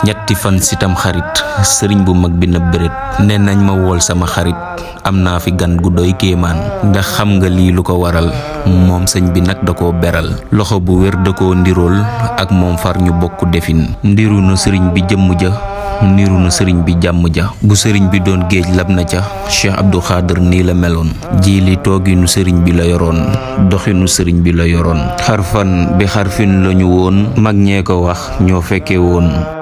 ñetti fan sitam xarit sering bu mag bi na bëret ne nañ ma wol sama xarit amna fi gan gu doy keman nga xam nga li lu waral mom serigne bi nak dako beral loxo bu wér dako ndirol ak mom far ñu bokku defin ndiru na serigne bi jëm ja niru na serigne bi jam ja bu serigne bi don geej lab na cheikh abdou xaadir ni la jili togi nu serigne bi la doxi nu serigne bi la yoron xarfan bi xarfin lañu won mag ñe ko wax ño fekke won